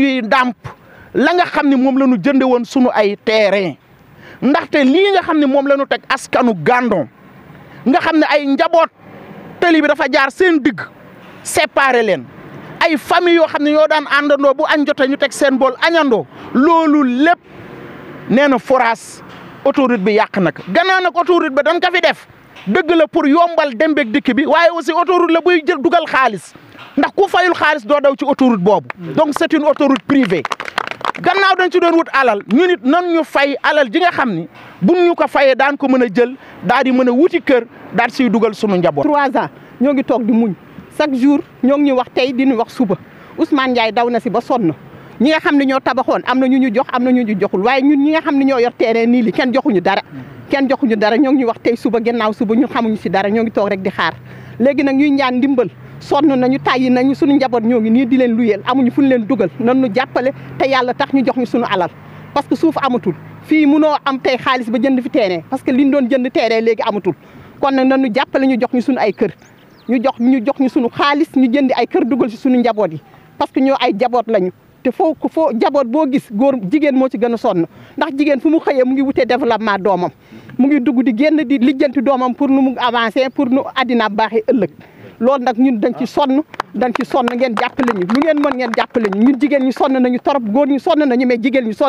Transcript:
ñuy ndàmp la nga xam ne moom la ñu jënde woon sunu ay terrain ndaxte lii nga xam ne moom la ñu teg askanu Gandon nga xam ne ay njaboot tëli bi dafa jaar seen digg séparé leen ay famille yoo xam ne ñoo daan àndandoo bu añ jotee ñu teg seen bool añandoo loolu lépp nee na forage autoroute bi yàq nag gannaaw nag autoroute ba dañ ko fi def dëgg la pour yombal dem beeg dikk bi waaye aussi autoroute la buy jël dugal xaalis ndax ku fayul xaalis doo daw ci autoroute boobu donc c'est une autoroute privée gannaaw dañ ci doon wut alal ñu nit nan ñu fay alal ji nga xam ni bu buñ ñu ko fayee daan ko mën a jël daal di mën a wuti kër daal siy dugal sunu njaboot. trois ans ñoo ngi toog di muñ chaque jour ñoo ngi ñu wax tey di ñu wax suba Ousmane Ndiaye daw na si ba sonn ñi nga xam ne ñoo tabaxoon am na ñu ñu jox am na ñu ñu joxul waaye ñun ñi nga xam ne ñoo yor terrain nii li kenn joxuñu dara. kenn joxuñu dara ñoo ngi wax tey suba gannaaw suba ñu xamuñu si dara ñoo ngi toog rek di xaar léegi nag ñuy ñaan sonn nañu tàyyi nañu suñu njaboot ñoo ngi nii di leen luyeel amuñu fu ñu leen dugal nan nu jàppale te yàlla tax ñu jox ñu suñu alal parce que suuf amatul fii munoo am tey xaalis ba jënd fi terrain parce que liñ doon jënd terrain léegi amatul kon nag nan nu jàppale ñu jox ñu suñu ay kër ñu jox ñu jox ñu suñu xaalis ñu jëndi ay kër dugal si suñu njaboot yi parce que ñoo ay jaboot lañu te foo foo jaboot boo gis góor jigéen moo ci gën a sonn ndax jigéen fu mu xëyee mu ngi wutee développement doomam mu ngi dugg di génn di lijjanti doomam pour nu mu avancer pour nu addina baaxee ëllëg loolu nag ñun dañ ci ah. sonn dañ ci sonn ngeen jàppale ñu lu ngeen mën ngeen jàppale ñu ñun jigéen ñi sonn nañu torop góor ñi sonn nañu mais jigéen ñi sonn